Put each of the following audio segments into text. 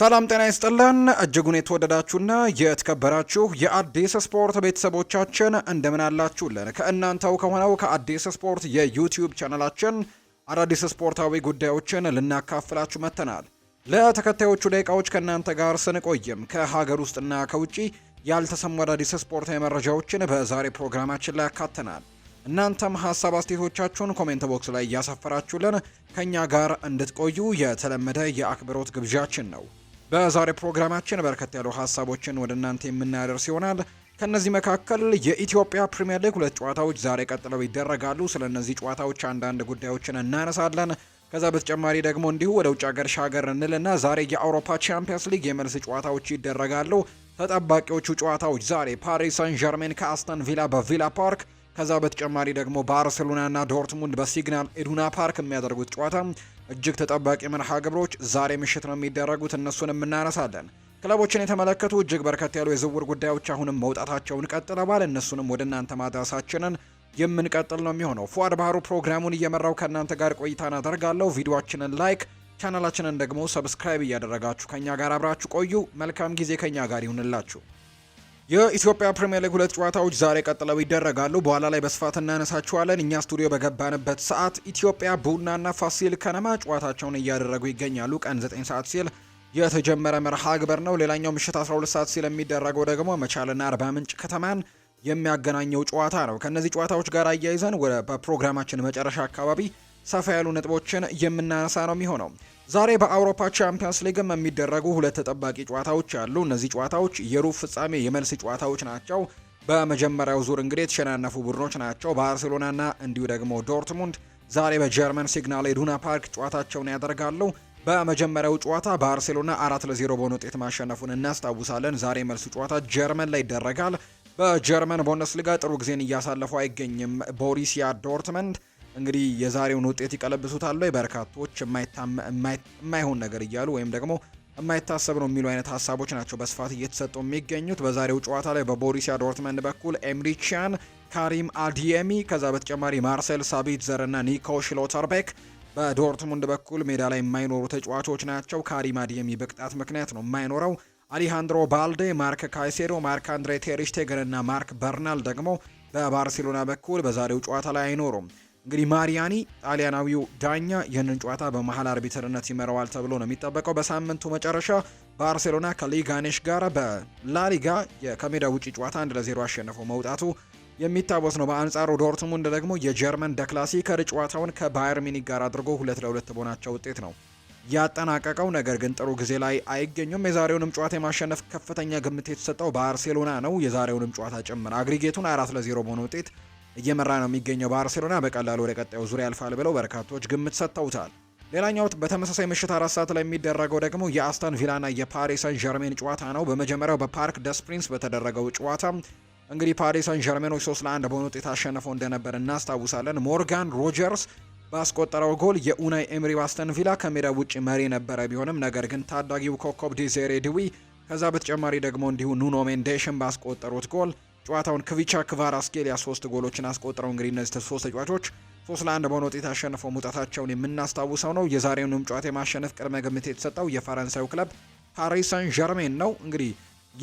ሰላም ጤና ይስጥልን እጅጉን የተወደዳችሁና የተከበራችሁ የአዲስ ስፖርት ቤተሰቦቻችን እንደምን አላችሁልን? ከእናንተው ከሆነው ከአዲስ ስፖርት የዩቲዩብ ቻናላችን አዳዲስ ስፖርታዊ ጉዳዮችን ልናካፍላችሁ መጥተናል። ለተከታዮቹ ደቂቃዎች ከእናንተ ጋር ስንቆይም ከሀገር ውስጥና ከውጭ ያልተሰሙ አዳዲስ ስፖርታዊ መረጃዎችን በዛሬ ፕሮግራማችን ላይ ያካተናል። እናንተም ሀሳብ አስተያየቶቻችሁን ኮሜንት ቦክስ ላይ እያሰፈራችሁልን ከእኛ ጋር እንድትቆዩ የተለመደ የአክብሮት ግብዣችን ነው። በዛሬ ፕሮግራማችን በርከት ያሉ ሀሳቦችን ወደ እናንተ የምናደርስ ይሆናል። ከእነዚህ መካከል የኢትዮጵያ ፕሪምየር ሊግ ሁለት ጨዋታዎች ዛሬ ቀጥለው ይደረጋሉ። ስለ እነዚህ ጨዋታዎች አንዳንድ ጉዳዮችን እናነሳለን። ከዛ በተጨማሪ ደግሞ እንዲሁ ወደ ውጭ ሀገር ሻገር እንልና ዛሬ የአውሮፓ ቻምፒየንስ ሊግ የመልስ ጨዋታዎች ይደረጋሉ። ተጠባቂዎቹ ጨዋታዎች ዛሬ ፓሪስ ሳን ዠርሜን ከአስተን ቪላ በቪላ ፓርክ፣ ከዛ በተጨማሪ ደግሞ ባርሴሎናና ዶርትሙንድ በሲግናል ኢዱና ፓርክ የሚያደርጉት ጨዋታ እጅግ ተጠባቂ መርሃ ግብሮች ዛሬ ምሽት ነው የሚደረጉት። እነሱንም እናነሳለን። ክለቦችን የተመለከቱ እጅግ በርከት ያሉ የዝውውር ጉዳዮች አሁንም መውጣታቸውን ቀጥለዋል። እነሱንም ወደ እናንተ ማድረሳችንን የምንቀጥል ነው የሚሆነው። ፉአድ ባህሩ ፕሮግራሙን እየመራው ከእናንተ ጋር ቆይታን አደርጋለሁ። ቪዲዮችንን ላይክ ቻናላችንን ደግሞ ሰብስክራይብ እያደረጋችሁ ከኛ ጋር አብራችሁ ቆዩ። መልካም ጊዜ ከኛ ጋር ይሁንላችሁ። የኢትዮጵያ ፕሪምየር ሊግ ሁለት ጨዋታዎች ዛሬ ቀጥለው ይደረጋሉ። በኋላ ላይ በስፋት እናነሳችኋለን። እኛ ስቱዲዮ በገባንበት ሰዓት ኢትዮጵያ ቡናና ፋሲል ከነማ ጨዋታቸውን እያደረጉ ይገኛሉ። ቀን 9 ሰዓት ሲል የተጀመረ መርሃ ግብር ነው። ሌላኛው ምሽት 12 ሰዓት ሲል የሚደረገው ደግሞ መቻልና አርባ ምንጭ ከተማን የሚያገናኘው ጨዋታ ነው። ከእነዚህ ጨዋታዎች ጋር አያይዘን በፕሮግራማችን መጨረሻ አካባቢ ሰፋ ያሉ ነጥቦችን የምናነሳ ነው የሚሆነው። ዛሬ በአውሮፓ ቻምፒየንስ ሊግም የሚደረጉ ሁለት ተጠባቂ ጨዋታዎች አሉ። እነዚህ ጨዋታዎች የሩብ ፍጻሜ የመልስ ጨዋታዎች ናቸው። በመጀመሪያው ዙር እንግዲህ የተሸናነፉ ቡድኖች ናቸው። ባርሴሎናና እንዲሁ ደግሞ ዶርትሙንድ ዛሬ በጀርመን ሲግናል ኢዱና ፓርክ ጨዋታቸውን ያደርጋሉ። በመጀመሪያው ጨዋታ ባርሴሎና አራት ለዜሮ በሆነ ውጤት ማሸነፉን እናስታውሳለን። ዛሬ መልሱ ጨዋታ ጀርመን ላይ ይደረጋል። በጀርመን ቡንደስሊጋ ጥሩ ጊዜን እያሳለፉ አይገኝም ቦሪሲያ ዶርትመንድ እንግዲህ የዛሬውን ውጤት ይቀለብሱታል ላይ በርካቶች የማይሆን ነገር እያሉ ወይም ደግሞ የማይታሰብ ነው የሚሉ አይነት ሀሳቦች ናቸው በስፋት እየተሰጡ የሚገኙት። በዛሬው ጨዋታ ላይ በቦሪሲያ ዶርትመንድ በኩል ኤምሪቻን ካሪም አዲየሚ ከዛ በተጨማሪ ማርሴል ሳቢትዘር እና ኒኮ ሽሎተርቤክ በዶርትሙንድ በኩል ሜዳ ላይ የማይኖሩ ተጫዋቾች ናቸው። ካሪም አዲየሚ በቅጣት ምክንያት ነው የማይኖረው። አሊሃንድሮ ባልዴ፣ ማርክ ካይሴዶ፣ ማርክ አንድሬ ቴሪሽቴገን እና ማርክ በርናል ደግሞ በባርሴሎና በኩል በዛሬው ጨዋታ ላይ አይኖሩም። እንግዲህ ማሪያኒ ጣሊያናዊው ዳኛ ይህንን ጨዋታ በመሀል አርቢትርነት ይመራዋል ተብሎ ነው የሚጠበቀው። በሳምንቱ መጨረሻ ባርሴሎና ከሊጋኔሽ ጋር በላሊጋ ከሜዳ ውጪ ጨዋታ አንድ ለዜሮ አሸንፎ መውጣቱ የሚታወስ ነው። በአንጻሩ ዶርትሙንድ ደግሞ የጀርመን ደክላሲከር ጨዋታውን ከባየር ሚኒክ ጋር አድርጎ ሁለት ለሁለት በሆናቸው ውጤት ነው ያጠናቀቀው። ነገር ግን ጥሩ ጊዜ ላይ አይገኙም። የዛሬውንም ጨዋታ የማሸነፍ ከፍተኛ ግምት የተሰጠው ባርሴሎና ነው፣ የዛሬውንም ጨዋታ ጭምር አግሪጌቱን አራት ለዜሮ በሆነ ውጤት እየመራ ነው የሚገኘው ባርሴሎና በቀላሉ ወደ ቀጣዩ ዙሪያ ያልፋል ብለው በርካቶች ግምት ሰጥተውታል። ሌላኛው በተመሳሳይ ምሽት አራት ሰዓት ላይ የሚደረገው ደግሞ የአስተን ቪላና የፓሪስ ሰን ዠርሜን ጨዋታ ነው። በመጀመሪያው በፓርክ ደስ ፕሪንስ በተደረገው ጨዋታ እንግዲህ ፓሪስ ሰን ዠርሜኖች ሶስት ለአንድ በሆነ ውጤት አሸንፈው እንደነበር እናስታውሳለን። ሞርጋን ሮጀርስ ባስቆጠረው ጎል የኡናይ ኤምሪ አስተን ቪላ ከሜዳ ውጭ መሪ ነበረ ቢሆንም ነገር ግን ታዳጊው ኮከብ ዲዜሬ ድዊ ከዛ በተጨማሪ ደግሞ እንዲሁ ኑኖ ሜንዴሽን ባስቆጠሩት ጎል ጨዋታውን ክቪቻ ክቫራስኬሊያ ሶስት ጎሎችን አስቆጥረው እንግዲህ እነዚህ ሶስት ተጫዋቾች ሶስት ለአንድ በሆነ ውጤት አሸንፈው መውጣታቸውን የምናስታውሰው ነው። የዛሬውንም ጨዋታ የማሸነፍ ቅድመ ግምት የተሰጠው የፈረንሳዩ ክለብ ፓሪስ ሰን ዠርሜን ነው። እንግዲህ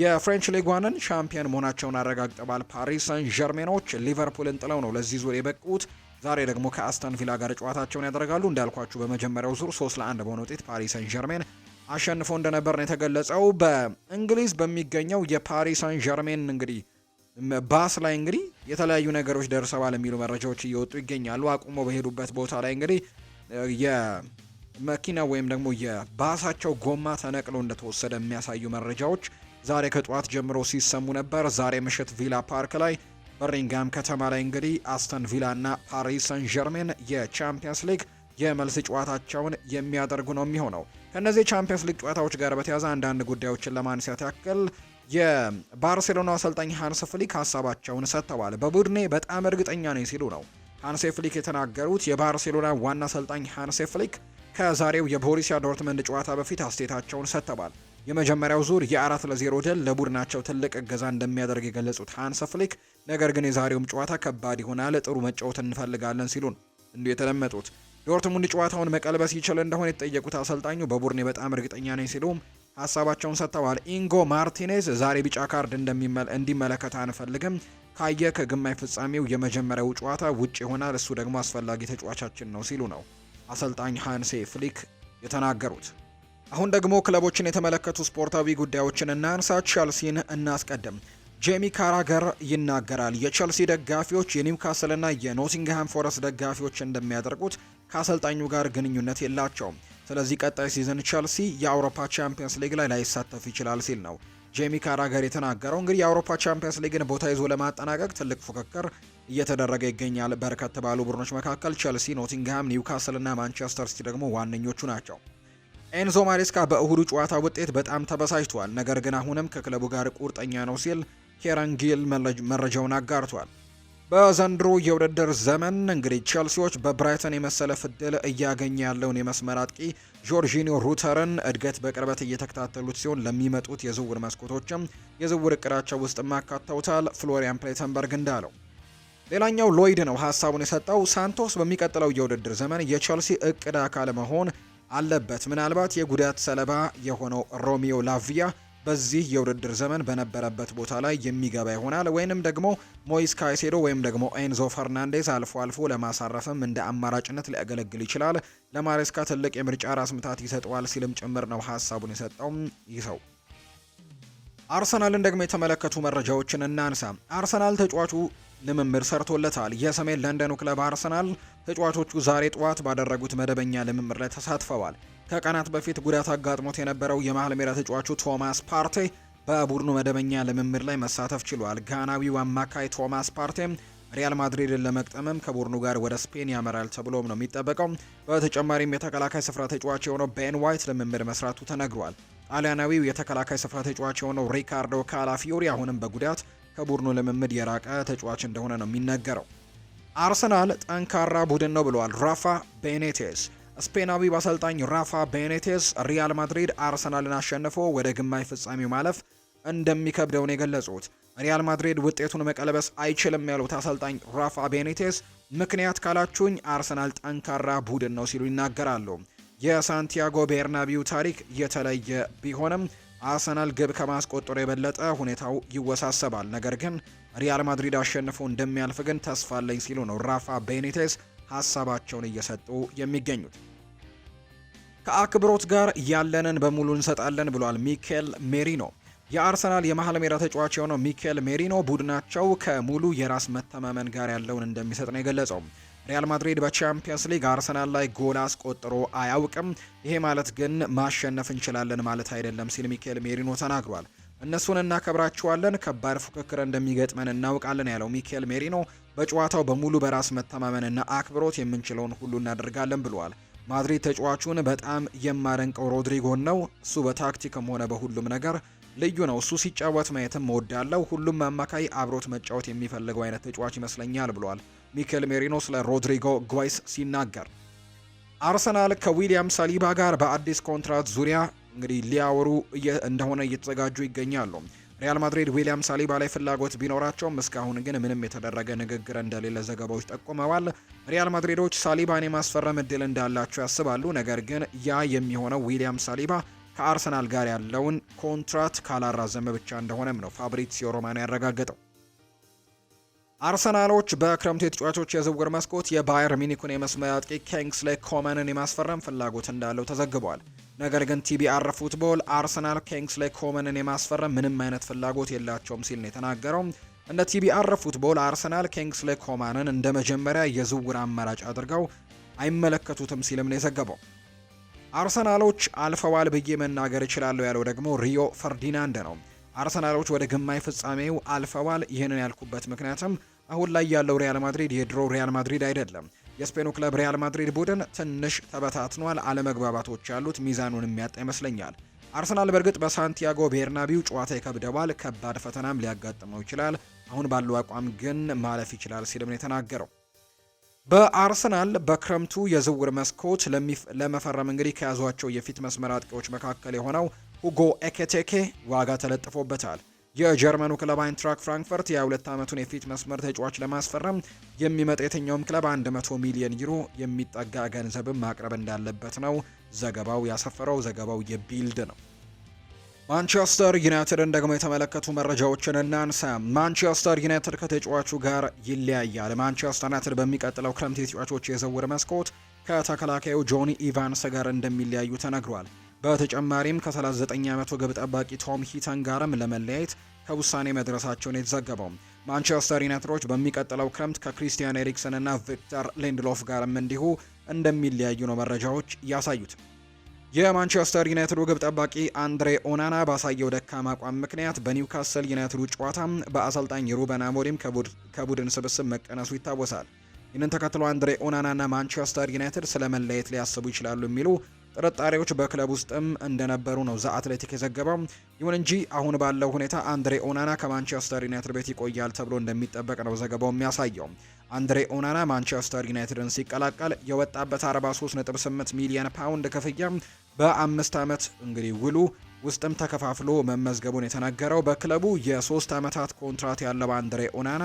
የፍሬንች ሊግ ዋንን ሻምፒየን መሆናቸውን አረጋግጠዋል። ፓሪስ ሰን ዠርሜኖች ሊቨርፑልን ጥለው ነው ለዚህ ዙር የበቁት። ዛሬ ደግሞ ከአስተን ቪላ ጋር ጨዋታቸውን ያደርጋሉ። እንዳልኳችሁ በመጀመሪያው ዙር ሶስት ለአንድ በሆነ ውጤት ፓሪስ ሰን ዠርሜን አሸንፎ እንደነበር ነው የተገለጸው። በእንግሊዝ በሚገኘው የፓሪስ ሰን ዠርሜን እንግዲህ ባስ ላይ እንግዲህ የተለያዩ ነገሮች ደርሰዋል የሚሉ መረጃዎች እየወጡ ይገኛሉ። አቁሞ በሄዱበት ቦታ ላይ እንግዲህ የመኪና ወይም ደግሞ የባሳቸው ጎማ ተነቅሎ እንደተወሰደ የሚያሳዩ መረጃዎች ዛሬ ከጠዋት ጀምሮ ሲሰሙ ነበር። ዛሬ ምሽት ቪላ ፓርክ ላይ በርሚንግሃም ከተማ ላይ እንግዲህ አስተን ቪላ እና ፓሪስ ሰን ጀርሜን የቻምፒየንስ ሊግ የመልስ ጨዋታቸውን የሚያደርጉ ነው የሚሆነው። ከእነዚህ የቻምፒየንስ ሊግ ጨዋታዎች ጋር በተያያዘ አንዳንድ ጉዳዮችን ለማንሳት ያክል የባርሴሎና አሰልጣኝ ሃንስ ፍሊክ ሀሳባቸውን ሰጥተዋል። በቡድኔ በጣም እርግጠኛ ነኝ ሲሉ ነው ሃንሴ ፍሊክ የተናገሩት። የባርሴሎና ዋና አሰልጣኝ ሃንሴ ፍሊክ ከዛሬው የቦሪሲያ ዶርትመንድ ጨዋታ በፊት አስተያየታቸውን ሰጥተዋል። የመጀመሪያው ዙር የአራት ለዜሮ ድል ለቡድናቸው ትልቅ እገዛ እንደሚያደርግ የገለጹት ሃንስ ፍሊክ ነገር ግን የዛሬውም ጨዋታ ከባድ ይሆናል፣ ጥሩ መጫወት እንፈልጋለን ሲሉ እንዲ የተለመጡት ዶርትሙንድ ጨዋታውን መቀልበስ ይችል እንደሆነ የተጠየቁት አሰልጣኙ በቡድኔ በጣም እርግጠኛ ነኝ ሲሉም ሀሳባቸውን ሰጥተዋል። ኢንጎ ማርቲኔዝ ዛሬ ቢጫ ካርድ እንዲመለከት አንፈልግም። ካየ ከግማሽ ፍጻሜው የመጀመሪያው ጨዋታ ውጭ ይሆናል። እሱ ደግሞ አስፈላጊ ተጫዋቻችን ነው ሲሉ ነው አሰልጣኝ ሃንሴ ፍሊክ የተናገሩት። አሁን ደግሞ ክለቦችን የተመለከቱ ስፖርታዊ ጉዳዮችን እናንሳ። ቸልሲን እናስቀድም። ጄሚ ካራገር ይናገራል። የቸልሲ ደጋፊዎች የኒውካስልና የኖቲንግሃም ፎረስት ደጋፊዎች እንደሚያደርጉት ከአሰልጣኙ ጋር ግንኙነት የላቸውም። ስለዚህ ቀጣይ ሲዝን ቸልሲ የአውሮፓ ቻምፒየንስ ሊግ ላይ ላይሳተፍ ይችላል ሲል ነው ጄሚ ካራገር የተናገረው። እንግዲህ የአውሮፓ ቻምፒየንስ ሊግን ቦታ ይዞ ለማጠናቀቅ ትልቅ ፉክክር እየተደረገ ይገኛል። በርከት ባሉ ቡድኖች መካከል ቸልሲ፣ ኖቲንግሃም፣ ኒውካስል እና ማንቸስተር ሲቲ ደግሞ ዋነኞቹ ናቸው። ኤንዞ ማሬስካ በእሁዱ ጨዋታ ውጤት በጣም ተበሳጭቷል፣ ነገር ግን አሁንም ከክለቡ ጋር ቁርጠኛ ነው ሲል ኬረን ጊል መረጃውን አጋርቷል። በዘንድሮ የውድድር ዘመን እንግዲህ ቼልሲዎች በብራይተን የመሰለ ፍድል እያገኘ ያለውን የመስመር አጥቂ ጆርጂኒዮ ሩተርን እድገት በቅርበት እየተከታተሉት ሲሆን ለሚመጡት የዝውውር መስኮቶችም የዝውውር እቅዳቸው ውስጥም አካተውታል። ፍሎሪያን ፕሌተንበርግ እንዳለው ሌላኛው ሎይድ ነው ሀሳቡን የሰጠው። ሳንቶስ በሚቀጥለው የውድድር ዘመን የቼልሲ እቅድ አካል መሆን አለበት። ምናልባት የጉዳት ሰለባ የሆነው ሮሚዮ ላቪያ በዚህ የውድድር ዘመን በነበረበት ቦታ ላይ የሚገባ ይሆናል። ወይንም ደግሞ ሞይስ ካይሴዶ ወይም ደግሞ ኤንዞ ፈርናንዴዝ አልፎ አልፎ ለማሳረፍም እንደ አማራጭነት ሊያገለግል ይችላል። ለማሬስካ ትልቅ የምርጫ ራስ ምታት ይሰጠዋል ሲልም ጭምር ነው ሀሳቡን የሰጠውም ይሰው። አርሰናልን ደግሞ የተመለከቱ መረጃዎችን እናንሳ። አርሰናል ተጫዋቹ ልምምድ ሰርቶለታል። የሰሜን ለንደኑ ክለብ አርሰናል ተጫዋቾቹ ዛሬ ጠዋት ባደረጉት መደበኛ ልምምድ ላይ ተሳትፈዋል። ከቀናት በፊት ጉዳት አጋጥሞት የነበረው የመሀል ሜዳ ተጫዋቹ ቶማስ ፓርቴ በቡድኑ መደበኛ ልምምድ ላይ መሳተፍ ችሏል። ጋናዊው አማካይ ቶማስ ፓርቴ ሪያል ማድሪድን ለመቅጠምም ከቡድኑ ጋር ወደ ስፔን ያመራል ተብሎም ነው የሚጠበቀው። በተጨማሪም የተከላካይ ስፍራ ተጫዋች የሆነው ቤን ዋይት ልምምድ መስራቱ ተነግሯል። ጣሊያናዊው የተከላካይ ስፍራ ተጫዋች የሆነው ሪካርዶ ካላፊዮሪ አሁንም በጉዳት ከቡድኑ ልምምድ የራቀ ተጫዋች እንደሆነ ነው የሚነገረው። አርሰናል ጠንካራ ቡድን ነው ብለዋል ራፋ ቤኔቴስ። ስፔናዊ አሰልጣኝ ራፋ ቤኔቴስ ሪያል ማድሪድ አርሰናልን አሸንፎ ወደ ግማሽ ፍጻሜው ማለፍ እንደሚከብደው ነው የገለጹት። ሪያል ማድሪድ ውጤቱን መቀለበስ አይችልም ያሉት አሰልጣኝ ራፋ ቤኔቴስ ምክንያት ካላችሁኝ አርሰናል ጠንካራ ቡድን ነው ሲሉ ይናገራሉ። የሳንቲያጎ ቤርናቢው ታሪክ የተለየ ቢሆንም አርሰናል ግብ ከማስቆጠሩ የበለጠ ሁኔታው ይወሳሰባል። ነገር ግን ሪያል ማድሪድ አሸንፎ እንደሚያልፍ ግን ተስፋ አለኝ ሲሉ ነው ራፋ ቤኔቴስ ሀሳባቸውን እየሰጡ የሚገኙት። ከአክብሮት ጋር ያለንን በሙሉ እንሰጣለን ብሏል ሚኬል ሜሪኖ። የአርሰናል የመሀል ሜዳ ተጫዋች የሆነው ሚኬል ሜሪኖ ቡድናቸው ከሙሉ የራስ መተማመን ጋር ያለውን እንደሚሰጥ ነው የገለጸው። ሪያል ማድሪድ በቻምፒየንስ ሊግ አርሰናል ላይ ጎል አስቆጥሮ አያውቅም። ይሄ ማለት ግን ማሸነፍ እንችላለን ማለት አይደለም ሲል ሚኬል ሜሪኖ ተናግሯል። እነሱን እናከብራቸዋለን ከባድ ፉክክር እንደሚገጥመን እናውቃለን ያለው ሚካኤል ሜሪኖ በጨዋታው በሙሉ በራስ መተማመንና አክብሮት የምንችለውን ሁሉ እናደርጋለን ብለዋል። ማድሪድ ተጫዋቹን በጣም የማደንቀው ሮድሪጎን ነው። እሱ በታክቲክም ሆነ በሁሉም ነገር ልዩ ነው። እሱ ሲጫወት ማየትም እወዳለሁ። ሁሉም አማካይ አብሮት መጫወት የሚፈልገው አይነት ተጫዋች ይመስለኛል ብሏል ሚኬል ሜሪኖ ስለ ሮድሪጎ ጓይስ ሲናገር። አርሰናል ከዊሊያም ሳሊባ ጋር በአዲስ ኮንትራት ዙሪያ እንግዲህ ሊያወሩ እንደሆነ እየተዘጋጁ ይገኛሉ። ሪያል ማድሪድ ዊሊያም ሳሊባ ላይ ፍላጎት ቢኖራቸውም እስካሁን ግን ምንም የተደረገ ንግግር እንደሌለ ዘገባዎች ጠቁመዋል። ሪያል ማድሪዶች ሳሊባን የማስፈረም እድል እንዳላቸው ያስባሉ። ነገር ግን ያ የሚሆነው ዊሊያም ሳሊባ ከአርሰናል ጋር ያለውን ኮንትራት ካላራዘመ ብቻ እንደሆነም ነው ፋብሪዚዮ ሮማኖ ያረጋገጠው። አርሰናሎች በክረምቱ የተጫዋቾች የዝውውር መስኮት የባየር ሚኒኩን የመስመር አጥቂ ላይ ኮመንን የማስፈረም ፍላጎት እንዳለው ተዘግቧል። ነገር ግን ቲቢአር ፉትቦል አርሰናል ላይ ኮመንን የማስፈረም ምንም አይነት ፍላጎት የላቸውም ሲል ነው የተናገረው። እንደ ቲቢአር ፉትቦል አርሰናል ኪንግስሌ ኮማንን እንደ መጀመሪያ የዝውውር አማራጭ አድርገው አይመለከቱትም ሲልም ነው የዘገበው። አርሰናሎች አልፈዋል ብዬ መናገር እችላለሁ ያለው ደግሞ ሪዮ ፈርዲናንድ ነው። አርሰናሎች ወደ ግማይ ፍጻሜው አልፈዋል። ይህንን ያልኩበት ምክንያትም አሁን ላይ ያለው ሪያል ማድሪድ የድሮ ሪያል ማድሪድ አይደለም። የስፔኑ ክለብ ሪያል ማድሪድ ቡድን ትንሽ ተበታትኗል፣ አለመግባባቶች ያሉት ሚዛኑን የሚያጣ ይመስለኛል። አርሰናል በእርግጥ በሳንቲያጎ ቤርናቢው ጨዋታ ይከብደዋል፣ ከባድ ፈተናም ሊያጋጥመው ይችላል። አሁን ባለው አቋም ግን ማለፍ ይችላል ሲልም ነው የተናገረው። በአርሰናል በክረምቱ የዝውውር መስኮት ለመፈረም እንግዲህ ከያዟቸው የፊት መስመር አጥቂዎች መካከል የሆነው ሁጎ ኤኬቴኬ ዋጋ ተለጥፎበታል። የጀርመኑ ክለብ አይንትራክ ፍራንክፈርት የ የሁለት ዓመቱን የፊት መስመር ተጫዋች ለማስፈረም የሚመጣ የትኛውም ክለብ 100 ሚሊዮን ዩሮ የሚጠጋ ገንዘብን ማቅረብ እንዳለበት ነው ዘገባው ያሰፈረው። ዘገባው የቢልድ ነው። ማንቸስተር ዩናይትድን ደግሞ የተመለከቱ መረጃዎችን እናንሳ። ማንቸስተር ዩናይትድ ከተጫዋቹ ጋር ይለያያል። ማንቸስተር ዩናይትድ በሚቀጥለው ክረምት የተጫዋቾች የዝውውር መስኮት ከተከላካዩ ጆኒ ኢቫንስ ጋር እንደሚለያዩ ተነግሯል። በተጨማሪም ከ39 ዓመቱ ግብ ጠባቂ ቶም ሂተን ጋርም ለመለያየት ከውሳኔ መድረሳቸውን የተዘገበው ማንቸስተር ዩናይትዶች በሚቀጥለው ክረምት ከክሪስቲያን ኤሪክሰን እና ቪክተር ሌንድሎፍ ጋርም እንዲሁ እንደሚለያዩ ነው መረጃዎች ያሳዩት። የማንቸስተር ዩናይትዱ ግብ ጠባቂ አንድሬ ኦናና ባሳየው ደካማ አቋም ምክንያት በኒውካስል ዩናይትዱ ጨዋታ በአሰልጣኝ ሩበን አሞሪም ከቡድን ስብስብ መቀነሱ ይታወሳል። ይህንን ተከትሎ አንድሬ ኦናናና ማንቸስተር ዩናይትድ ስለ መለየት ሊያስቡ ይችላሉ የሚሉ ጥርጣሬዎች በክለብ ውስጥም እንደነበሩ ነው ዘ አትሌቲክ የዘገበው። ይሁን እንጂ አሁን ባለው ሁኔታ አንድሬ ኦናና ከማንቸስተር ዩናይትድ ቤት ይቆያል ተብሎ እንደሚጠበቅ ነው ዘገባው የሚያሳየው። አንድሬ ኦናና ማንቸስተር ዩናይትድን ሲቀላቀል የወጣበት 43.8 ሚሊዮን ፓውንድ ክፍያ በአምስት ዓመት እንግዲህ ውሉ ውስጥም ተከፋፍሎ መመዝገቡን የተነገረው በክለቡ የሶስት ዓመታት ኮንትራት ያለው አንድሬ ኦናና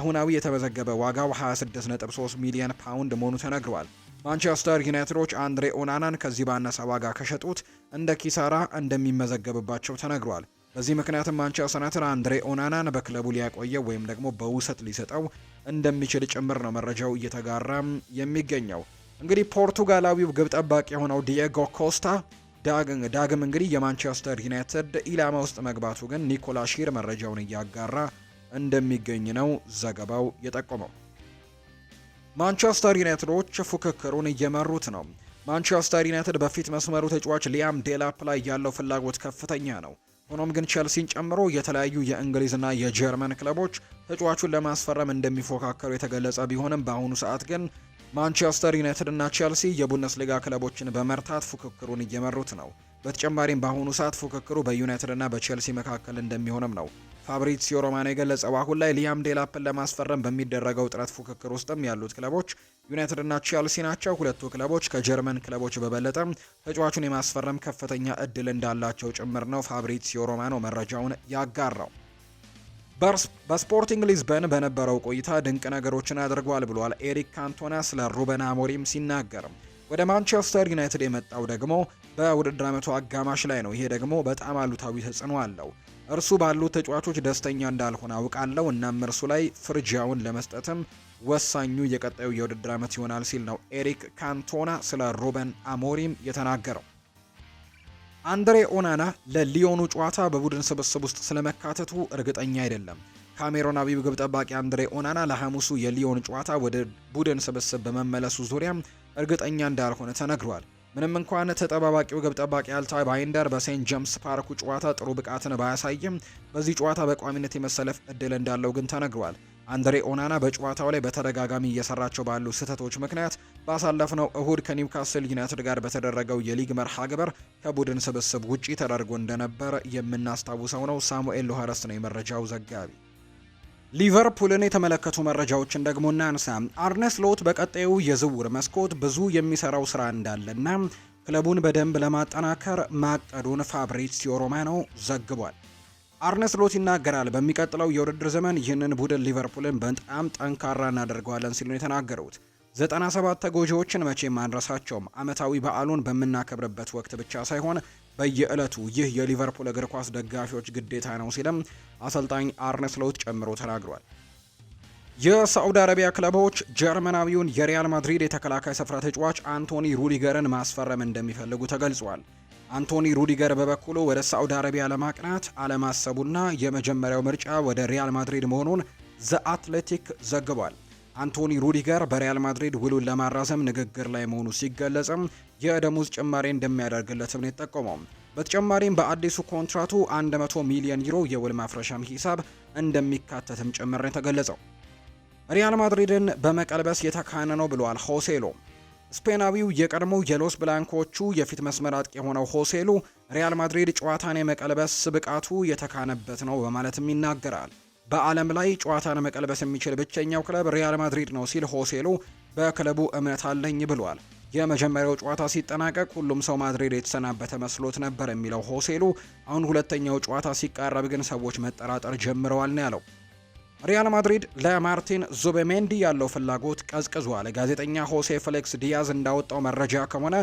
አሁናዊ የተመዘገበ ዋጋው 26.3 ሚሊዮን ፓውንድ መሆኑ ተነግሯል። ማንቸስተር ዩናይትዶች አንድሬ ኦናናን ከዚህ ባነሰ ዋጋ ከሸጡት እንደ ኪሳራ እንደሚመዘገብባቸው ተነግሯል። በዚህ ምክንያትም ማንቸስተር ዩናይትድ አንድሬ ኦናናን በክለቡ ሊያቆየው ወይም ደግሞ በውሰት ሊሰጠው እንደሚችል ጭምር ነው መረጃው እየተጋራም የሚገኘው። እንግዲህ ፖርቱጋላዊው ግብ ጠባቂ የሆነው ዲየጎ ኮስታ ዳግም እንግዲህ የማንቸስተር ዩናይትድ ኢላማ ውስጥ መግባቱ ግን ኒኮላ ሺር መረጃውን እያጋራ እንደሚገኝ ነው ዘገባው የጠቆመው። ማንቸስተር ዩናይትዶች ፉክክሩን እየመሩት ነው። ማንቸስተር ዩናይትድ በፊት መስመሩ ተጫዋች ሊያም ዴላፕ ላይ ያለው ፍላጎት ከፍተኛ ነው። ሆኖም ግን ቸልሲን ጨምሮ የተለያዩ የእንግሊዝና የጀርመን ክለቦች ተጫዋቹን ለማስፈረም እንደሚፎካከሩ የተገለጸ ቢሆንም በአሁኑ ሰዓት ግን ማንቸስተር ዩናይትድ እና ቼልሲ የቡንደስሊጋ ክለቦችን በመርታት ፉክክሩን እየመሩት ነው። በተጨማሪም በአሁኑ ሰዓት ፉክክሩ በዩናይትድ እና በቼልሲ መካከል እንደሚሆንም ነው ፋብሪሲዮ ሮማኖ የገለጸው። አሁን ላይ ሊያም ዴላፕን ለማስፈረም በሚደረገው ጥረት ፉክክር ውስጥም ያሉት ክለቦች ዩናይትድ እና ቼልሲ ናቸው። ሁለቱ ክለቦች ከጀርመን ክለቦች በበለጠ ተጫዋቹን የማስፈረም ከፍተኛ እድል እንዳላቸው ጭምር ነው ፋብሪሲዮ ሮማኖ መረጃውን ያጋራው። በስፖርቲንግ ሊዝበን በነበረው ቆይታ ድንቅ ነገሮችን አድርጓል ብሏል ኤሪክ ካንቶና ስለ ሩበን አሞሪም ሲናገርም። ወደ ማንቸስተር ዩናይትድ የመጣው ደግሞ በውድድር ዓመቱ አጋማሽ ላይ ነው። ይሄ ደግሞ በጣም አሉታዊ ተጽዕኖ አለው። እርሱ ባሉት ተጫዋቾች ደስተኛ እንዳልሆነ አውቃለሁ። እናም እርሱ ላይ ፍርጃውን ለመስጠትም ወሳኙ የቀጣዩ የውድድር ዓመት ይሆናል ሲል ነው ኤሪክ ካንቶና ስለ ሩበን አሞሪም የተናገረው። አንድሬ ኦናና ለሊዮኑ ጨዋታ በቡድን ስብስብ ውስጥ ስለመካተቱ እርግጠኛ አይደለም። ካሜሮናዊው ግብ ጠባቂ አንድሬ ኦናና ለሐሙሱ የሊዮን ጨዋታ ወደ ቡድን ስብስብ በመመለሱ ዙሪያ እርግጠኛ እንዳልሆነ ተነግሯል። ምንም እንኳን ተጠባባቂው ግብ ጠባቂ አልታይ ባይንደር በሴንት ጀምስ ፓርኩ ጨዋታ ጥሩ ብቃትን ባያሳይም፣ በዚህ ጨዋታ በቋሚነት የመሰለፍ እድል እንዳለው ግን ተነግሯል። አንድሬ ኦናና በጨዋታው ላይ በተደጋጋሚ እየሰራቸው ባሉ ስህተቶች ምክንያት ባሳለፍነው እሁድ ከኒውካስል ዩናይትድ ጋር በተደረገው የሊግ መርሃ ግብር ከቡድን ስብስብ ውጪ ተደርጎ እንደነበር የምናስታውሰው ነው። ሳሙኤል ሎሃረስ ነው የመረጃው ዘጋቢ። ሊቨርፑልን የተመለከቱ መረጃዎችን ደግሞ እናንሳ። አርነስ ሎት በቀጣዩ የዝውውር መስኮት ብዙ የሚሰራው ስራ እንዳለና ክለቡን በደንብ ለማጠናከር ማቀዱን ፋብሪዚዮ ሮማኖ ዘግቧል። አርነ ስሎት ይናገራል። በሚቀጥለው የውድድር ዘመን ይህንን ቡድን ሊቨርፑልን በጣም ጠንካራ እናደርገዋለን ሲሉ የተናገሩት ሰባት ተጎጂዎችን መቼ ማንረሳቸውም አመታዊ በዓሉን በምናከብርበት ወቅት ብቻ ሳይሆን በየዕለቱ ይህ የሊቨርፑል እግር ኳስ ደጋፊዎች ግዴታ ነው ሲልም አሰልጣኝ አርነ ስሎት ጨምሮ ተናግሯል። የሳዑዲ አረቢያ ክለቦች ጀርመናዊውን የሪያል ማድሪድ የተከላካይ ስፍራ ተጫዋች አንቶኒ ሩዲገርን ማስፈረም እንደሚፈልጉ ተገልጿል። አንቶኒ ሩዲገር በበኩሉ ወደ ሳዑዲ አረቢያ ለማቅናት አለማሰቡና የመጀመሪያው ምርጫ ወደ ሪያል ማድሪድ መሆኑን ዘ አትሌቲክ ዘግቧል። አንቶኒ ሩዲገር በሪያል ማድሪድ ውሉን ለማራዘም ንግግር ላይ መሆኑ ሲገለጽም የደሞዝ ጭማሪ እንደሚያደርግለትም ነው የጠቆመው። በተጨማሪም በአዲሱ ኮንትራቱ 100 ሚሊዮን ዩሮ የውል ማፍረሻም ሂሳብ እንደሚካተትም ጭምር ነው የተገለጸው። ሪያል ማድሪድን በመቀልበስ የተካነ ነው ብሏል ሆሴሎ። ስፔናዊው የቀድሞው የሎስ ብላንኮቹ የፊት መስመር አጥቂ የሆነው ሆሴሉ ሪያል ማድሪድ ጨዋታን የመቀልበስ ብቃቱ የተካነበት ነው በማለትም ይናገራል። በዓለም ላይ ጨዋታን መቀልበስ የሚችል ብቸኛው ክለብ ሪያል ማድሪድ ነው ሲል ሆሴሉ በክለቡ እምነት አለኝ ብሏል። የመጀመሪያው ጨዋታ ሲጠናቀቅ ሁሉም ሰው ማድሪድ የተሰናበተ መስሎት ነበር የሚለው ሆሴሉ አሁን ሁለተኛው ጨዋታ ሲቃረብ ግን ሰዎች መጠራጠር ጀምረዋል ነው ያለው። ሪያል ማድሪድ ለማርቲን ዙቤሜንዲ ያለው ፍላጎት ቀዝቅዟል። ጋዜጠኛ ሆሴ ፌሊክስ ዲያዝ እንዳወጣው መረጃ ከሆነ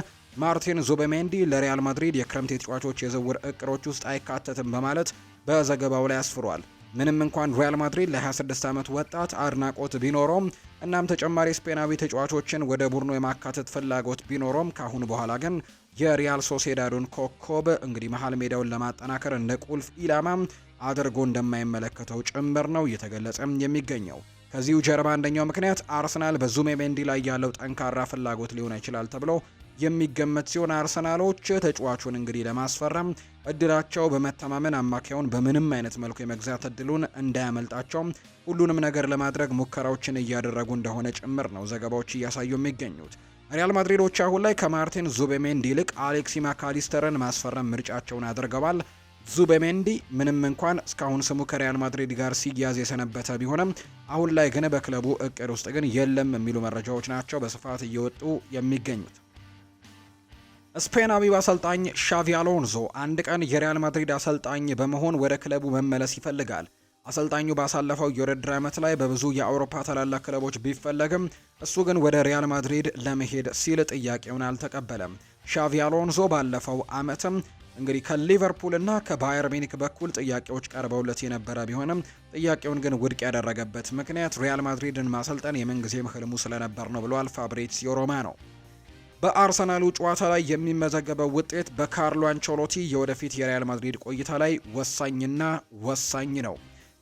ማርቲን ዙቤሜንዲ ለሪያል ማድሪድ የክረምት የተጫዋቾች የዝውውር እቅዶች ውስጥ አይካተትም በማለት በዘገባው ላይ አስፍሯል። ምንም እንኳን ሪያል ማድሪድ ለ26 ዓመት ወጣት አድናቆት ቢኖረውም እናም ተጨማሪ ስፔናዊ ተጫዋቾችን ወደ ቡድኑ የማካተት ፍላጎት ቢኖረውም ካሁን በኋላ ግን የሪያል ሶሴዳዱን ኮከብ እንግዲህ መሀል ሜዳውን ለማጠናከር እንደ ቁልፍ ኢላማ አድርጎ እንደማይመለከተው ጭምር ነው እየተገለጸ የሚገኘው። ከዚሁ ጀርባ አንደኛው ምክንያት አርሰናል በዙሜሜንዲ ላይ ያለው ጠንካራ ፍላጎት ሊሆን ይችላል ተብሎ የሚገመት ሲሆን አርሰናሎች ተጫዋቹን እንግዲህ ለማስፈረም እድላቸው በመተማመን አማካዩን በምንም አይነት መልኩ የመግዛት እድሉን እንዳያመልጣቸው ሁሉንም ነገር ለማድረግ ሙከራዎችን እያደረጉ እንደሆነ ጭምር ነው ዘገባዎች እያሳዩ የሚገኙት። ሪያል ማድሪዶች አሁን ላይ ከማርቲን ዙቤሜንዲ ይልቅ አሌክሲ ማካሊስተርን ማስፈረም ምርጫቸውን አድርገዋል። ዙቤሜንዲ ምንም እንኳን እስካሁን ስሙ ከሪያል ማድሪድ ጋር ሲያዝ የሰነበተ ቢሆንም አሁን ላይ ግን በክለቡ እቅድ ውስጥ ግን የለም የሚሉ መረጃዎች ናቸው በስፋት እየወጡ የሚገኙት። ስፔናዊው አሰልጣኝ ሻቪ አሎንዞ አንድ ቀን የሪያል ማድሪድ አሰልጣኝ በመሆን ወደ ክለቡ መመለስ ይፈልጋል። አሰልጣኙ ባሳለፈው የውድድር ዓመት ላይ በብዙ የአውሮፓ ታላላቅ ክለቦች ቢፈለግም እሱ ግን ወደ ሪያል ማድሪድ ለመሄድ ሲል ጥያቄውን አልተቀበለም። ሻቪ አሎንሶ ባለፈው ዓመትም እንግዲህ ከሊቨርፑል እና ከባየር ሚኒክ በኩል ጥያቄዎች ቀርበውለት የነበረ ቢሆንም ጥያቄውን ግን ውድቅ ያደረገበት ምክንያት ሪያል ማድሪድን ማሰልጠን የምንጊዜም ህልሙ ስለነበር ነው ብሏል ፋብሪዚዮ ሮማኖ። በአርሰናሉ ጨዋታ ላይ የሚመዘገበው ውጤት በካርሎ አንቸሎቲ የወደፊት የሪያል ማድሪድ ቆይታ ላይ ወሳኝና ወሳኝ ነው።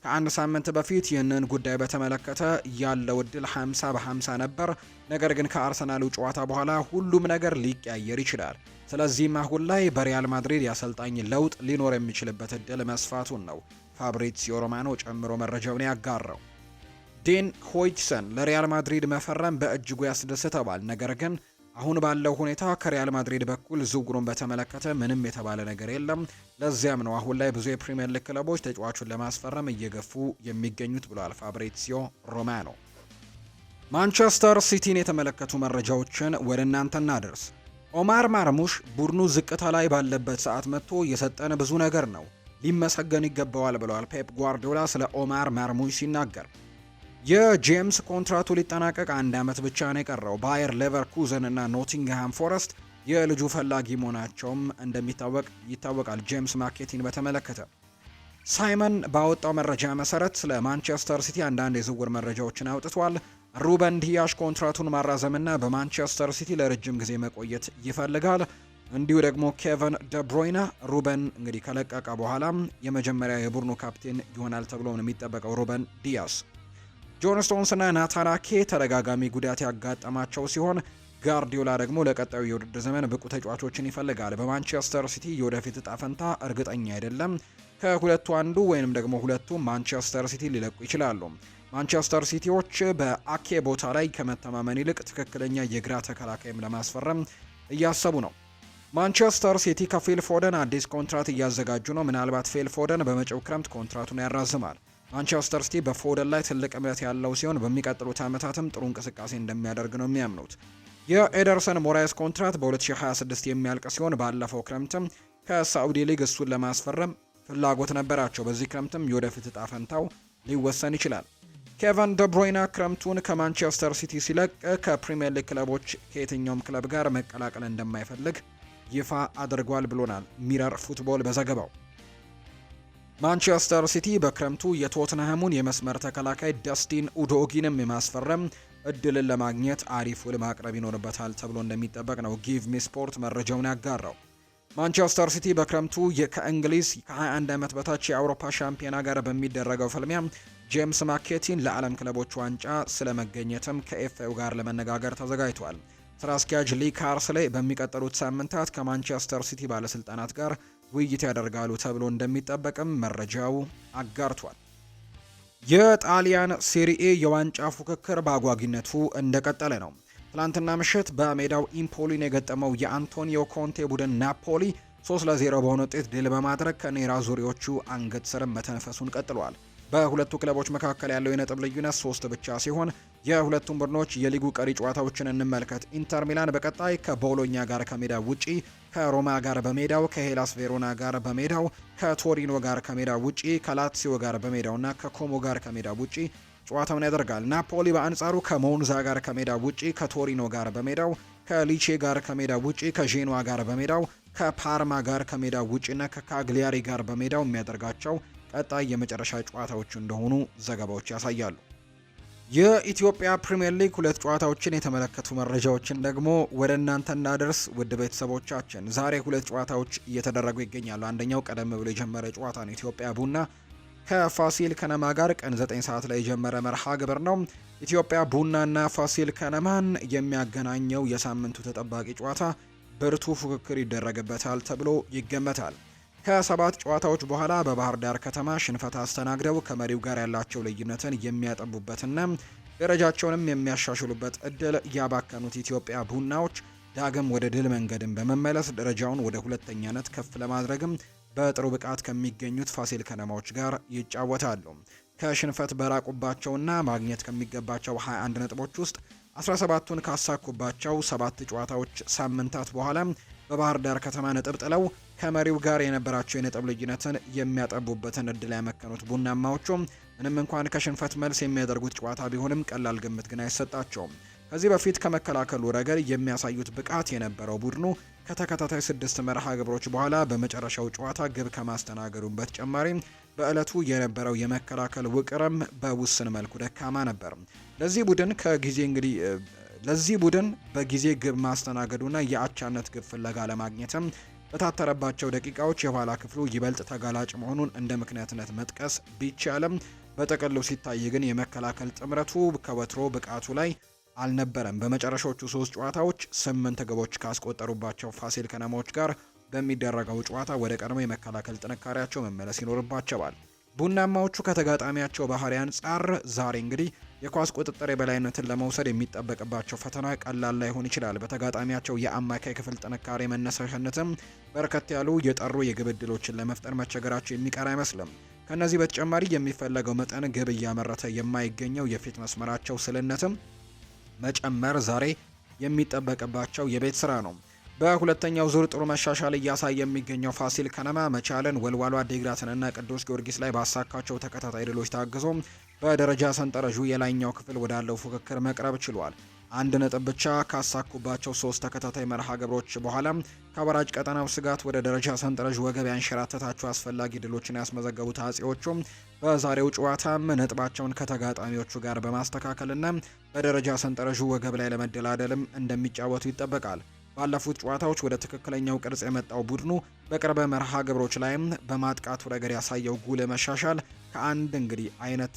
ከአንድ ሳምንት በፊት ይህንን ጉዳይ በተመለከተ ያለው እድል 50 በ50 ነበር። ነገር ግን ከአርሰናሉ ጨዋታ በኋላ ሁሉም ነገር ሊቀያየር ይችላል። ስለዚህም አሁን ላይ በሪያል ማድሪድ የአሰልጣኝ ለውጥ ሊኖር የሚችልበት እድል መስፋቱን ነው ፋብሪዚዮ ሮማኖ ጨምሮ መረጃውን ያጋራው። ዴን ሆይትሰን ለሪያል ማድሪድ መፈረም በእጅጉ ያስደስተዋል፣ ነገር ግን አሁን ባለው ሁኔታ ከሪያል ማድሪድ በኩል ዝውውሩን በተመለከተ ምንም የተባለ ነገር የለም። ለዚያም ነው አሁን ላይ ብዙ የፕሪምየር ሊግ ክለቦች ተጫዋቹን ለማስፈረም እየገፉ የሚገኙት ብሏል ፋብሪሲዮ ሮማኖ። ማንቸስተር ሲቲን የተመለከቱ መረጃዎችን ወደ እናንተ እናደርስ። ኦማር ማርሙሽ ቡድኑ ዝቅታ ላይ ባለበት ሰዓት መጥቶ የሰጠን ብዙ ነገር ነው፣ ሊመሰገን ይገባዋል ብለዋል ፔፕ ጓርዲዮላ ስለ ኦማር ማርሙሽ ሲናገር የጄምስ ኮንትራቱ ሊጠናቀቅ አንድ ዓመት ብቻ ነው የቀረው። ባየር ሌቨርኩዘን እና ኖቲንግሃም ፎረስት የልጁ ፈላጊ መሆናቸውም እንደሚታወቅ ይታወቃል። ጄምስ ማርኬቲን በተመለከተ ሳይመን ባወጣው መረጃ መሰረት ስለ ማንቸስተር ሲቲ አንዳንድ የዝውውር መረጃዎችን አውጥቷል። ሩበን ዲያሽ ኮንትራቱን ማራዘምና በማንቸስተር ሲቲ ለረጅም ጊዜ መቆየት ይፈልጋል። እንዲሁ ደግሞ ኬቨን ደብሮይና ሩበን እንግዲህ ከለቀቀ በኋላ የመጀመሪያ የቡድኑ ካፕቴን ይሆናል ተብሎ ነው የሚጠበቀው ሩበን ዲያስ ጆን ስቶንስና ናታን አኬ ተደጋጋሚ ጉዳት ያጋጠማቸው ሲሆን ጋርዲዮላ ደግሞ ለቀጣዩ የውድድር ዘመን ብቁ ተጫዋቾችን ይፈልጋል። በማንቸስተር ሲቲ የወደፊት እጣ ፈንታ እርግጠኛ አይደለም። ከሁለቱ አንዱ ወይንም ደግሞ ሁለቱ ማንቸስተር ሲቲ ሊለቁ ይችላሉ። ማንቸስተር ሲቲዎች በአኬ ቦታ ላይ ከመተማመን ይልቅ ትክክለኛ የግራ ተከላካይም ለማስፈረም እያሰቡ ነው። ማንቸስተር ሲቲ ከፊል ፎደን አዲስ ኮንትራት እያዘጋጁ ነው። ምናልባት ፊል ፎደን በመጪው ክረምት ኮንትራቱን ያራዝማል። ማንቸስተር ሲቲ በፎደን ላይ ትልቅ እምነት ያለው ሲሆን በሚቀጥሉት ዓመታትም ጥሩ እንቅስቃሴ እንደሚያደርግ ነው የሚያምኑት። የኤደርሰን ሞራይስ ኮንትራት በ2026 የሚያልቅ ሲሆን ባለፈው ክረምትም ከሳዑዲ ሊግ እሱን ለማስፈረም ፍላጎት ነበራቸው። በዚህ ክረምትም የወደፊት እጣ ፈንታው ሊወሰን ይችላል። ኬቨን ደብሮይና ክረምቱን ከማንቸስተር ሲቲ ሲለቅ ከፕሪምየር ሊግ ክለቦች ከየትኛውም ክለብ ጋር መቀላቀል እንደማይፈልግ ይፋ አድርጓል ብሎናል ሚረር ፉትቦል በዘገባው። ማንቸስተር ሲቲ በክረምቱ የቶትንሃሙን የመስመር ተከላካይ ደስቲን ኡዶጊንም የማስፈረም እድልን ለማግኘት አሪፍ ውል ማቅረብ ይኖርበታል ተብሎ እንደሚጠበቅ ነው ጊቭ ሚ ስፖርት መረጃውን ያጋራው። ማንቸስተር ሲቲ በክረምቱ ከእንግሊዝ ከ21 ዓመት በታች የአውሮፓ ሻምፒዮና ጋር በሚደረገው ፍልሚያ ጄምስ ማኬቲን ለዓለም ክለቦች ዋንጫ ስለመገኘትም ከኤፍኤው ጋር ለመነጋገር ተዘጋጅቷል። ስራ አስኪያጅ ሊ ካርስሌይ በሚቀጥሉት ሳምንታት ከማንቸስተር ሲቲ ባለስልጣናት ጋር ውይይት ያደርጋሉ ተብሎ እንደሚጠበቅም መረጃው አጋርቷል። የጣሊያን ሴሪኤ የዋንጫ ፉክክር በአጓጊነቱ እንደቀጠለ ነው። ትላንትና ምሽት በሜዳው ኢምፖሊን የገጠመው የአንቶኒዮ ኮንቴ ቡድን ናፖሊ 3 ለ0 በሆነ ውጤት ድል በማድረግ ከኔራ ዙሪዎቹ አንገት ስርም መተንፈሱን ቀጥሏል። በሁለቱ ክለቦች መካከል ያለው የነጥብ ልዩነት ሶስት ብቻ ሲሆን የሁለቱም ቡድኖች የሊጉ ቀሪ ጨዋታዎችን እንመልከት። ኢንተር ሚላን በቀጣይ ከቦሎኛ ጋር ከሜዳ ውጪ፣ ከሮማ ጋር በሜዳው፣ ከሄላስ ቬሮና ጋር በሜዳው፣ ከቶሪኖ ጋር ከሜዳ ውጪ፣ ከላትሲዮ ጋር በሜዳውና ከኮሞ ጋር ከሜዳ ውጪ ጨዋታውን ያደርጋል። ናፖሊ በአንጻሩ ከሞንዛ ጋር ከሜዳ ውጪ፣ ከቶሪኖ ጋር በሜዳው፣ ከሊቼ ጋር ከሜዳ ውጪ፣ ከዤኗ ጋር በሜዳው፣ ከፓርማ ጋር ከሜዳ ውጪና ከካግሊያሪ ጋር በሜዳው የሚያደርጋቸው ቀጣይ የመጨረሻ ጨዋታዎቹ እንደሆኑ ዘገባዎች ያሳያሉ። የኢትዮጵያ ፕሪምየር ሊግ ሁለት ጨዋታዎችን የተመለከቱ መረጃዎችን ደግሞ ወደ እናንተ እናደርስ። ውድ ቤተሰቦቻችን ዛሬ ሁለት ጨዋታዎች እየተደረጉ ይገኛሉ። አንደኛው ቀደም ብሎ የጀመረ ጨዋታ ነው። ኢትዮጵያ ቡና ከፋሲል ከነማ ጋር ቀን 9 ሰዓት ላይ የጀመረ መርሃ ግብር ነው። ኢትዮጵያ ቡናና ፋሲል ከነማን የሚያገናኘው የሳምንቱ ተጠባቂ ጨዋታ ብርቱ ፉክክር ይደረግበታል ተብሎ ይገመታል። ከሰባት ጨዋታዎች በኋላ በባህር ዳር ከተማ ሽንፈት አስተናግደው ከመሪው ጋር ያላቸው ልዩነትን የሚያጠቡበትና ደረጃቸውንም የሚያሻሽሉበት እድል ያባከኑት ኢትዮጵያ ቡናዎች ዳግም ወደ ድል መንገድን በመመለስ ደረጃውን ወደ ሁለተኛነት ከፍ ለማድረግም በጥሩ ብቃት ከሚገኙት ፋሲል ከነማዎች ጋር ይጫወታሉ። ከሽንፈት በራቁባቸውና ማግኘት ከሚገባቸው 21 ነጥቦች ውስጥ 17ቱን ካሳኩባቸው ሰባት ጨዋታዎች ሳምንታት በኋላ በባህር ዳር ከተማ ነጥብ ጥለው ከመሪው ጋር የነበራቸው የነጥብ ልዩነትን የሚያጠቡበትን እድል ያመከኑት ቡናማዎቹ ምንም እንኳን ከሽንፈት መልስ የሚያደርጉት ጨዋታ ቢሆንም ቀላል ግምት ግን አይሰጣቸውም። ከዚህ በፊት ከመከላከሉ ረገድ የሚያሳዩት ብቃት የነበረው ቡድኑ ከተከታታይ ስድስት መርሃ ግብሮች በኋላ በመጨረሻው ጨዋታ ግብ ከማስተናገዱን በተጨማሪ በዕለቱ የነበረው የመከላከል ውቅርም በውስን መልኩ ደካማ ነበር። ለዚህ ቡድን ከጊዜ እንግዲህ ለዚህ ቡድን በጊዜ ግብ ማስተናገዱና የአቻነት ግብ ፍለጋ ለማግኘትም በታተረባቸው ደቂቃዎች የኋላ ክፍሉ ይበልጥ ተጋላጭ መሆኑን እንደ ምክንያትነት መጥቀስ ቢቻልም በጥቅሉ ሲታይ ግን የመከላከል ጥምረቱ ከወትሮ ብቃቱ ላይ አልነበረም። በመጨረሻዎቹ ሶስት ጨዋታዎች ስምንት ግቦች ካስቆጠሩባቸው ፋሲል ከነማዎች ጋር በሚደረገው ጨዋታ ወደ ቀድሞ የመከላከል ጥንካሬያቸው መመለስ ይኖርባቸዋል። ቡናማዎቹ ከተጋጣሚያቸው ባህሪ አንጻር ዛሬ እንግዲህ የኳስ ቁጥጥር የበላይነትን ለመውሰድ የሚጠበቅባቸው ፈተና ቀላል ላይሆን ይችላል። በተጋጣሚያቸው የአማካይ ክፍል ጥንካሬ መነሳሽነትም በርከት ያሉ የጠሩ የግብ ዕድሎችን ለመፍጠር መቸገራቸው የሚቀር አይመስልም። ከእነዚህ በተጨማሪ የሚፈለገው መጠን ግብ እያመረተ የማይገኘው የፊት መስመራቸው ስልነትም መጨመር ዛሬ የሚጠበቅባቸው የቤት ስራ ነው። በሁለተኛው ዙር ጥሩ መሻሻል እያሳየ የሚገኘው ፋሲል ከነማ መቻልን፣ ወልዋሏ ዲግራትንና ቅዱስ ጊዮርጊስ ላይ ባሳካቸው ተከታታይ ድሎች ታግዞ በደረጃ ሰንጠረዡ የላይኛው ክፍል ወዳለው ፉክክር መቅረብ ችሏል። አንድ ነጥብ ብቻ ካሳኩባቸው ሶስት ተከታታይ መርሃ ግብሮች በኋላ ከወራጅ ቀጠናው ስጋት ወደ ደረጃ ሰንጠረዥ ወገብ ያንሸራተታቸው አስፈላጊ ድሎችን ያስመዘገቡት አጼዎቹ በዛሬው ጨዋታም ነጥባቸውን ከተጋጣሚዎቹ ጋር በማስተካከልና በደረጃ ሰንጠረዡ ወገብ ላይ ለመደላደልም እንደሚጫወቱ ይጠበቃል። ባለፉት ጨዋታዎች ወደ ትክክለኛው ቅርጽ የመጣው ቡድኑ በቅርበ መርሃ ግብሮች ላይም በማጥቃቱ ረገድ ያሳየው ጉል መሻሻል ከአንድ እንግዲህ አይነት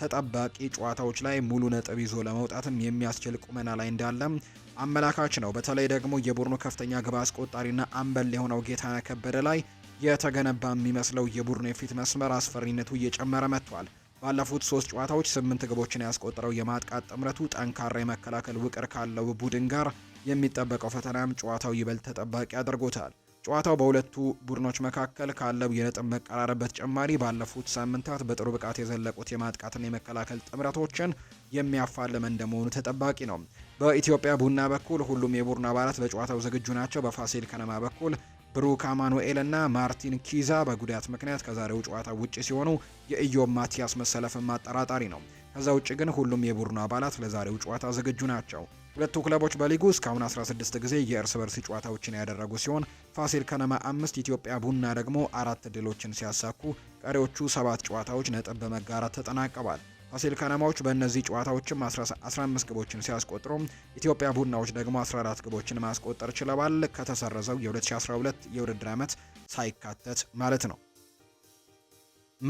ተጠባቂ ጨዋታዎች ላይ ሙሉ ነጥብ ይዞ ለመውጣትም የሚያስችል ቁመና ላይ እንዳለም አመላካች ነው። በተለይ ደግሞ የቡድኑ ከፍተኛ ግብ አስቆጣሪና አምበል የሆነው ጌታነህ ከበደ ላይ የተገነባ የሚመስለው የቡድኑ የፊት መስመር አስፈሪነቱ እየጨመረ መጥቷል። ባለፉት ሶስት ጨዋታዎች ስምንት ግቦችን ያስቆጠረው የማጥቃት ጥምረቱ ጠንካራ የመከላከል ውቅር ካለው ቡድን ጋር የሚጠበቀው ፈተናም ጨዋታው ይበልጥ ተጠባቂ አድርጎታል። ጨዋታው በሁለቱ ቡድኖች መካከል ካለው የነጥብ መቀራረብ በተጨማሪ ባለፉት ሳምንታት በጥሩ ብቃት የዘለቁት የማጥቃትና የመከላከል ጥምረቶችን የሚያፋልም እንደመሆኑ ተጠባቂ ነው። በኢትዮጵያ ቡና በኩል ሁሉም የቡድኑ አባላት በጨዋታው ዝግጁ ናቸው። በፋሲል ከነማ በኩል ብሩክ አማኑኤል እና ማርቲን ኪዛ በጉዳት ምክንያት ከዛሬው ጨዋታ ውጪ ሲሆኑ የኢዮብ ማቲያስ መሰለፍም አጠራጣሪ ነው። ከዛ ውጭ ግን ሁሉም የቡድኑ አባላት ለዛሬው ጨዋታ ዝግጁ ናቸው። ሁለቱ ክለቦች በሊጉ እስካሁን 16 ጊዜ የእርስ በርስ ጨዋታዎችን ያደረጉ ሲሆን ፋሲል ከነማ አምስት፣ ኢትዮጵያ ቡና ደግሞ አራት ድሎችን ሲያሳኩ ቀሪዎቹ ሰባት ጨዋታዎች ነጥብ በመጋራት ተጠናቀዋል። ፋሲል ከነማዎች በእነዚህ ጨዋታዎችም 15 ግቦችን ሲያስቆጥሩ ኢትዮጵያ ቡናዎች ደግሞ 14 ግቦችን ማስቆጠር ችለዋል። ከተሰረዘው የ2012 የውድድር ዓመት ሳይካተት ማለት ነው።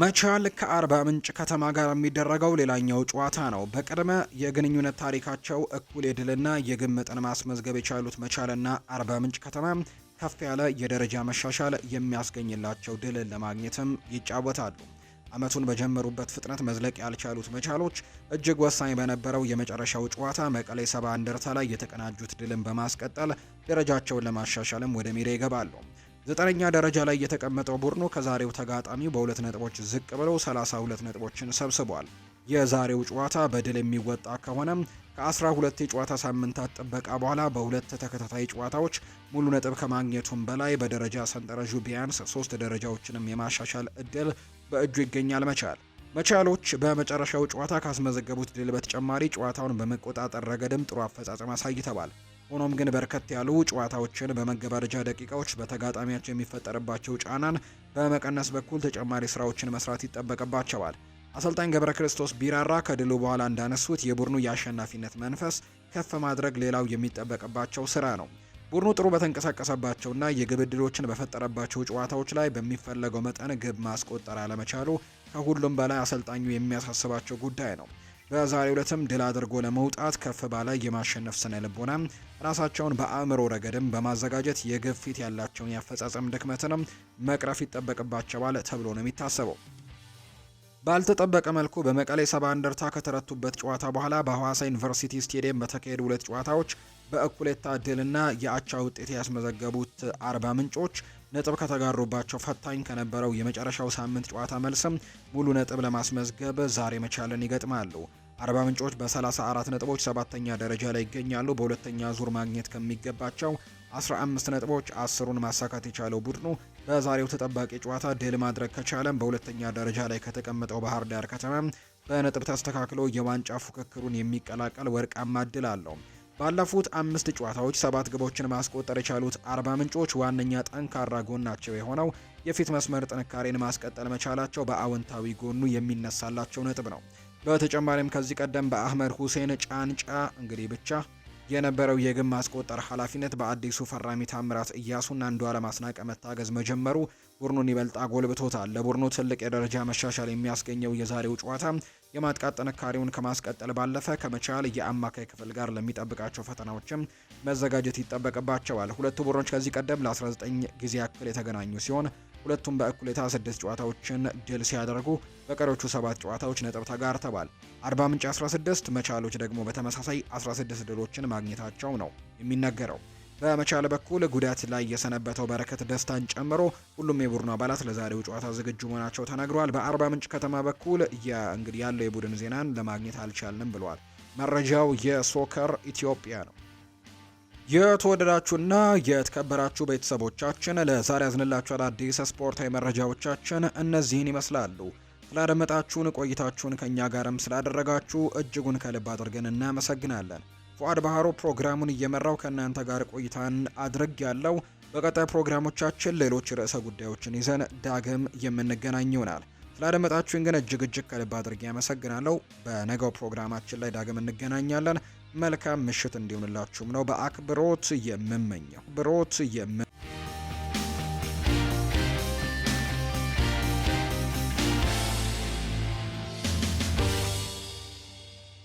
መቻል ከአርባ ምንጭ ከተማ ጋር የሚደረገው ሌላኛው ጨዋታ ነው። በቅድመ የግንኙነት ታሪካቸው እኩል የድልና የግብ መጠን ማስመዝገብ የቻሉት መቻልና አርባ ምንጭ ከተማ ከፍ ያለ የደረጃ መሻሻል የሚያስገኝላቸው ድልን ለማግኘትም ይጫወታሉ። አመቱን በጀመሩበት ፍጥነት መዝለቅ ያልቻሉት መቻሎች እጅግ ወሳኝ በነበረው የመጨረሻው ጨዋታ መቀሌ ሰባ እንደርታ ላይ የተቀናጁት ድልን በማስቀጠል ደረጃቸውን ለማሻሻልም ወደ ሜዳ ይገባሉ። ዘጠነኛ ደረጃ ላይ የተቀመጠው ቡድኑ ከዛሬው ተጋጣሚ በሁለት ነጥቦች ዝቅ ብለው 32 ነጥቦችን ሰብስቧል። የዛሬው ጨዋታ በድል የሚወጣ ከሆነም ከ12 የጨዋታ ሳምንታት ጥበቃ በኋላ በሁለት ተከታታይ ጨዋታዎች ሙሉ ነጥብ ከማግኘቱም በላይ በደረጃ ሰንጠረዡ ቢያንስ ሶስት ደረጃዎችንም የማሻሻል እድል በእጁ ይገኛል መቻል። መቻሎች በመጨረሻው ጨዋታ ካስመዘገቡት ድል በተጨማሪ ጨዋታውን በመቆጣጠር ረገድም ጥሩ አፈጻጸም አሳይተዋል። ሆኖም ግን በርከት ያሉ ጨዋታዎችን በመገባደጃ ደቂቃዎች በተጋጣሚያቸው የሚፈጠርባቸው ጫናን በመቀነስ በኩል ተጨማሪ ስራዎችን መስራት ይጠበቅባቸዋል። አሰልጣኝ ገብረ ክርስቶስ ቢራራ ከድሉ በኋላ እንዳነሱት የቡድኑ የአሸናፊነት መንፈስ ከፍ ማድረግ ሌላው የሚጠበቅባቸው ስራ ነው። ቡድኑ ጥሩ በተንቀሳቀሰባቸውና የግብ ዕድሎችን በፈጠረባቸው ጨዋታዎች ላይ በሚፈለገው መጠን ግብ ማስቆጠር አለመቻሉ ከሁሉም በላይ አሰልጣኙ የሚያሳስባቸው ጉዳይ ነው። በዛሬው ዕለትም ድል አድርጎ ለመውጣት ከፍ ባለ የማሸነፍ ስነ ልቦና ራሳቸውን በአእምሮ ረገድም በማዘጋጀት የግፊት ያላቸውን የአፈጻጸም ድክመትንም መቅረፍ ይጠበቅባቸዋል ተብሎ ነው የሚታሰበው። ባልተጠበቀ መልኩ በመቀሌ ሰባ እንደርታ ከተረቱበት ጨዋታ በኋላ በሐዋሳ ዩኒቨርሲቲ ስቴዲየም በተካሄዱ ሁለት ጨዋታዎች በእኩሌታ ድልና የአቻ ውጤት ያስመዘገቡት አርባ ምንጮች ነጥብ ከተጋሩባቸው ፈታኝ ከነበረው የመጨረሻው ሳምንት ጨዋታ መልስም ሙሉ ነጥብ ለማስመዝገብ ዛሬ መቻልን ይገጥማሉ። አርባ ምንጮች በ34 ነጥቦች ሰባተኛ ደረጃ ላይ ይገኛሉ። በሁለተኛ ዙር ማግኘት ከሚገባቸው 15 ነጥቦች አስሩን ማሳካት የቻለው ቡድኑ በዛሬው ተጠባቂ ጨዋታ ድል ማድረግ ከቻለም በሁለተኛ ደረጃ ላይ ከተቀመጠው ባህር ዳር ከተማ በነጥብ ተስተካክሎ የዋንጫ ፉክክሩን የሚቀላቀል ወርቃማ እድል አለው። ባለፉት አምስት ጨዋታዎች ሰባት ግቦችን ማስቆጠር የቻሉት አርባ ምንጮች ዋነኛ ጠንካራ ጎናቸው የሆነው የፊት መስመር ጥንካሬን ማስቀጠል መቻላቸው በአዎንታዊ ጎኑ የሚነሳላቸው ነጥብ ነው። በተጨማሪም ከዚህ ቀደም በአህመድ ሁሴን ጫንጫ እንግዲህ ብቻ የነበረው የግብ ማስቆጠር ኃላፊነት በአዲሱ ፈራሚ ታምራት እያሱና አንዷ ለማስናቀ መታገዝ መጀመሩ ቡድኑን ይበልጥ አጎልብቶታል። ለቡድኑ ትልቅ የደረጃ መሻሻል የሚያስገኘው የዛሬው ጨዋታ የማጥቃት ጥንካሬውን ከማስቀጠል ባለፈ ከመቻል የአማካይ ክፍል ጋር ለሚጠብቃቸው ፈተናዎችም መዘጋጀት ይጠበቅባቸዋል። ሁለቱ ቡድኖች ከዚህ ቀደም ለ19 ጊዜ ያክል የተገናኙ ሲሆን ሁለቱም በእኩሌታ ስድስት ጨዋታዎችን ድል ሲያደርጉ በቀሪዎቹ ሰባት ጨዋታዎች ነጥብ ተጋርተዋል። አርባ ምንጭ 16 መቻሎች ደግሞ በተመሳሳይ 16 ድሎችን ማግኘታቸው ነው የሚነገረው። በመቻል በኩል ጉዳት ላይ የሰነበተው በረከት ደስታን ጨምሮ ሁሉም የቡድኑ አባላት ለዛሬው ጨዋታ ዝግጁ መሆናቸው ተነግሯል። በአርባ ምንጭ ከተማ በኩል እንግዲህ ያለው የቡድን ዜናን ለማግኘት አልቻልንም ብሏል። መረጃው የሶከር ኢትዮጵያ ነው። የተወደዳችሁና የተከበራችሁ ቤተሰቦቻችን ለዛሬ ያዝንላችሁ አዳዲስ ስፖርታዊ መረጃዎቻችን እነዚህን ይመስላሉ። ስላደመጣችሁን ቆይታችሁን ከእኛ ጋርም ስላደረጋችሁ እጅጉን ከልብ አድርገን እናመሰግናለን። ፉአድ ባህሮ ፕሮግራሙን እየመራው ከእናንተ ጋር ቆይታን አድርግ ያለው። በቀጣይ ፕሮግራሞቻችን ሌሎች ርዕሰ ጉዳዮችን ይዘን ዳግም የምንገናኝ ይሆናል። ስላደመጣችሁን ግን እጅግ እጅግ ከልብ አድርጌ ያመሰግናለሁ። በነገው ፕሮግራማችን ላይ ዳግም እንገናኛለን። መልካም ምሽት እንዲሆንላችሁም ነው በአክብሮት የምመኘው ብሮት የም